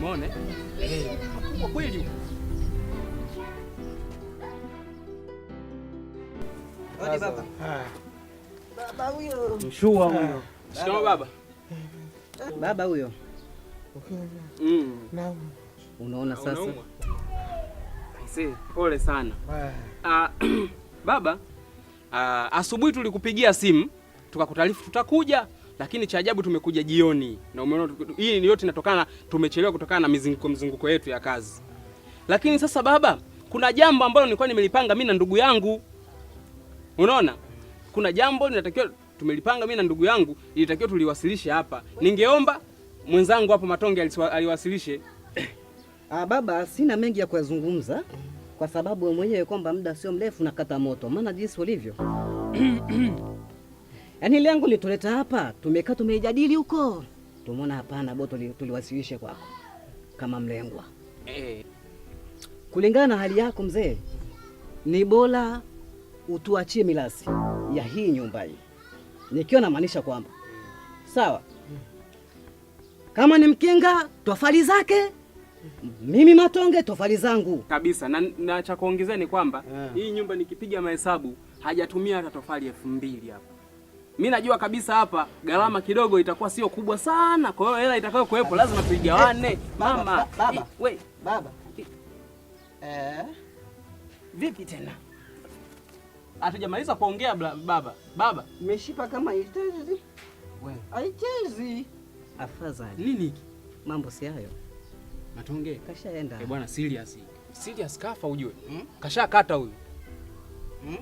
Umeona? Eh, kwa kweli. Ah. Baba huyo mshua huyo, sio baba, baba huyo. Mm. Unaona sasa, pole sana ah. Ah, baba. Asubuhi tulikupigia simu tukakutaarifu tutakuja lakini cha ajabu tumekuja jioni na umeona hii yote inatokana, tumechelewa kutokana na mizunguko mzunguko yetu ya kazi. Lakini sasa baba, kuna jambo ambalo nilikuwa nimelipanga mimi na ndugu yangu. Unaona, kuna jambo linatakiwa tumelipanga mimi na ndugu yangu, ilitakiwa tuliwasilishe hapa. Ningeomba mwenzangu hapo Matonge aliwasilishe. Ah, baba, sina mengi ya kuyazungumza kwa sababu mwenyewe kwamba muda sio mrefu nakata moto, maana jinsi ulivyo Yaani ile yangu lituleta hapa, tumekaa tumeijadili huko, tumeona hapana bo, tuliwasilishe kwako kama mlengwa eh. Kulingana na hali yako mzee, ni bora utuachie milasi ya hii nyumba hii, nikiwa namaanisha kwamba sawa, kama ni Mkinga tofali zake mimi Matonge tofali zangu kabisa, na, na cha kuongezea ni kwamba yeah, hii nyumba nikipiga mahesabu hajatumia hata tofali elfu mbili hapa mi najua kabisa hapa gharama kidogo itakuwa sio kubwa sana, kwa hiyo hela itakayo kuwepo lazima tuigawane. mama baba, we baba eh, vipi tena? Hatujamaliza kuongea baba. Baba umeshipa kama itezi aichezi afadhali nini hiki mambo si hayo, natuongee kashaenda Eh bwana. Serious serious kafa ujue, hmm? Kashakata huyu hmm?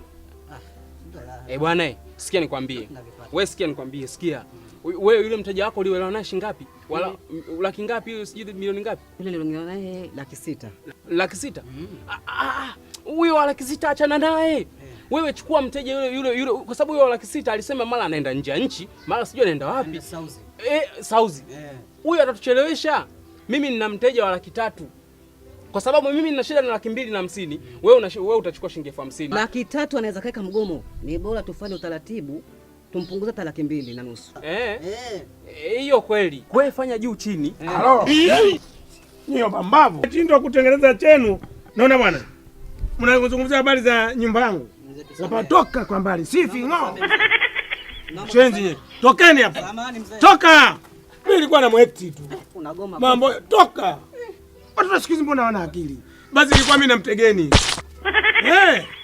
Eh, bwana, sikia nikwambie. Wewe sikia nikwambie, sikia. Wewe yule mteja wako ulielewana naye shilingi ngapi? Wala laki ngapi hiyo sijui milioni ngapi? Yule niliongea naye laki sita. Laki sita? Mm. Ah, ah, ah, ah, huyo wa laki sita achana naye. Eh. Wewe chukua mteja yule yule yule kwa sababu yule laki sita alisema mara anaenda nje ya nchi, mara sijui anaenda wapi. Eh, Sauzi. Eh. Huyo atatuchelewesha. Mimi nina mteja wa laki tatu kwa sababu mimi nina shida na laki mbili na hamsini wewe wewe utachukua shilingi elfu hamsini laki tatu anaweza kaeka mgomo. Ni bora tufanye utaratibu tumpunguza hata laki mbili na nusu eh, eh. eh. eh hiyo eh, kweli kwe fanya juu chini eh. Niyo pambavu mtindo wa kutengeneza chenu. Naona bwana, mnazungumzia habari za nyumba yangu, wapatoka kwa mbali sifingo shenzi, tokeni hapa, toka. Mimi nilikuwa na mwekti tu mambo, toka watoto siku hizi mbona wana akili. Basi ilikuwa mimi namtegeni. Eh.